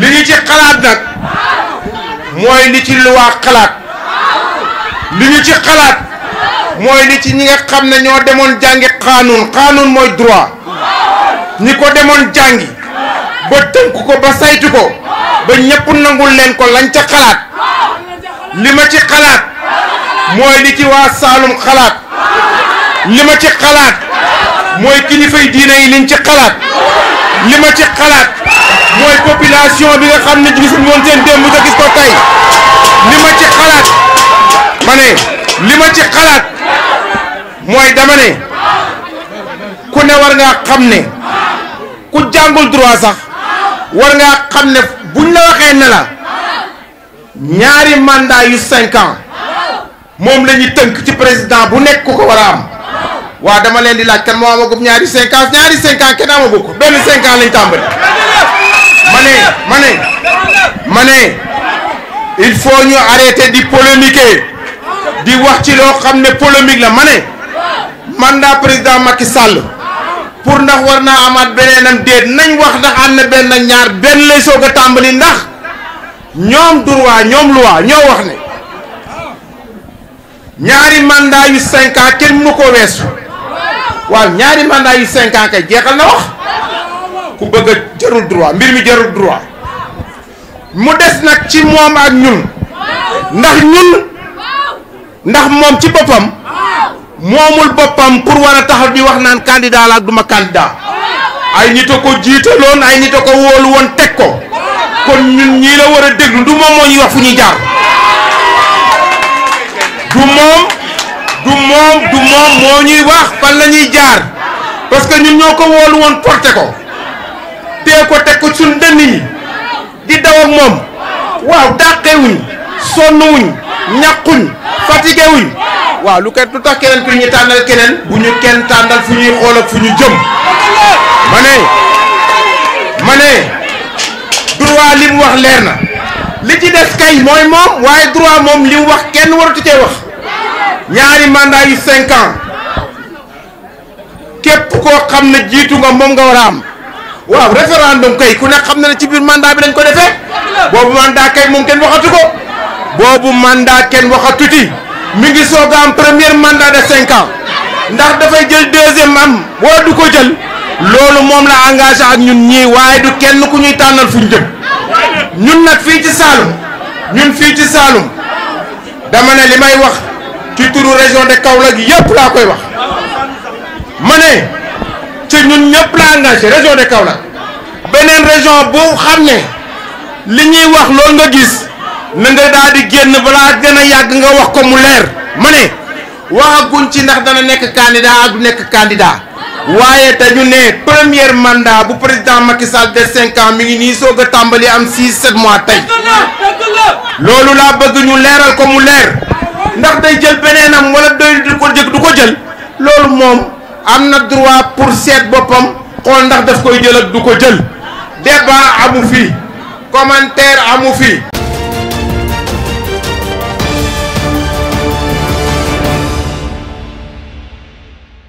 li ñu ci xalaat nag mooy li ci luwaa xalaat li ñu ci xalaat mooy li ci ñi nga xam ne ñoo demoon jàngi xaanuun xaanuun mooy droit ñi ko demoon jàngi ba tënk ko ba saytu ko ba ñëpp nangul leen ko lañ ca xalaat li ma ci xalaat mooy li ci waa Saalum xalaat li ma ci xalaat mooy kilifay diine yi liñ ci xalaat li ma ci xalaat mooy population bi nga xam ne gis woon seen démb te gis ko tey li ma ci xalaat ma ne li ma ci xalaat mooy dama ne ku ne war ngaa xam ne ku jàngul droit sax war ngaa xam ne buñ la waxee ne la ñaari mandat yu cinq ans moom la tënk ci président bu nekk ko war a am. waaw dama leen di laaj kan moo amagum ñaari cinq ans ñaari cinq ans kenn amagu ko benn cinq ans lañ tàmbali. mane ne ma ne ma ne il faut ñu arrêter di polémiquer di wax ci loo xam ne polémique la mane ne mandat président Macky sàll pour ndax war naa amaat beneenam déet nañ wax ndax am na benn ñaar benn lay soog a tàmbali ndax ñoom droit ñoom loi ñoo wax ne ñaari mandat yu cinq kenn mënu ko weesu. waaw ñaari mandat yu cinq ans kay jeexal na wax ku bëgg jarul droit mbir mi jarul droit mu des nag ci moom ak ñun ndax ñun ndax moom ci boppam moomul boppam pour war a taxaw di wax naan candidat la duma candidat ay nit a ko jiitaloon ay nit a ko wóolu woon teg ko kon ñun ñii la war a déglu du moo ñuy wax fu ñuy jaar du moom du mom du mom mo ñuy wax fa lañuy jaar parce que ñun ñoko ko won porter ko té ko teg ko sun dënn yi di daw ak mom waaw daqé wuñ sonu wuñ ñaquñ fatigué wuñ waaw lu kay lu tax keneen ku ñu tànnal keneen bu ñu kenn tanal fu ñuy xol ak fu ñu jëm mané mané droit lim wax lérna li ci dess kay moy mom waye droit mom lim wax kenn waru ci cee wax ñaari mandat yu cinq ans képp koo xam na jiitu nga moom nga war a am waaw référendum kay ku ne xam na ne ci biir mandat bi dañ ko defee boobu mandat kay moom kenn waxatu ko boobu mandat kenn waxatuti mi ngi soog am premier mandat de cinq ans ndax dafay jël deuxième am wala du ko jël loolu moom la engagé ak ñun ñii waaye du kenn ku ñuy tànnal fu ñu ñun nag fii ci Saalum ñun fii ci Saalum dama ne li may wax. ci turu région de Kaolack yëpp laa koy wax ma ne ci ñun ñëpp la engagé région de Kaolack beneen région bu xam ne li ñuy wax loolu nga gis na nga daal di génn balaa gën a yàgg nga wax ko mu leer ma ne waxaguñ ci ndax dana nekk candidat ak du nekk candidat waaye dañu ne première mandat bu président Macky Sall de cinq ans ngi nii soog a tàmbali am six sept mois tey loolu laa bëgg ñu leeral ko mu leer. ndax day jël beneenam wala doyul di ko jëkk du ko jël loolu moom am na droit pour seet boppam xool ndax daf koy jël ak du ko jël débat amu fi commentaire amu fi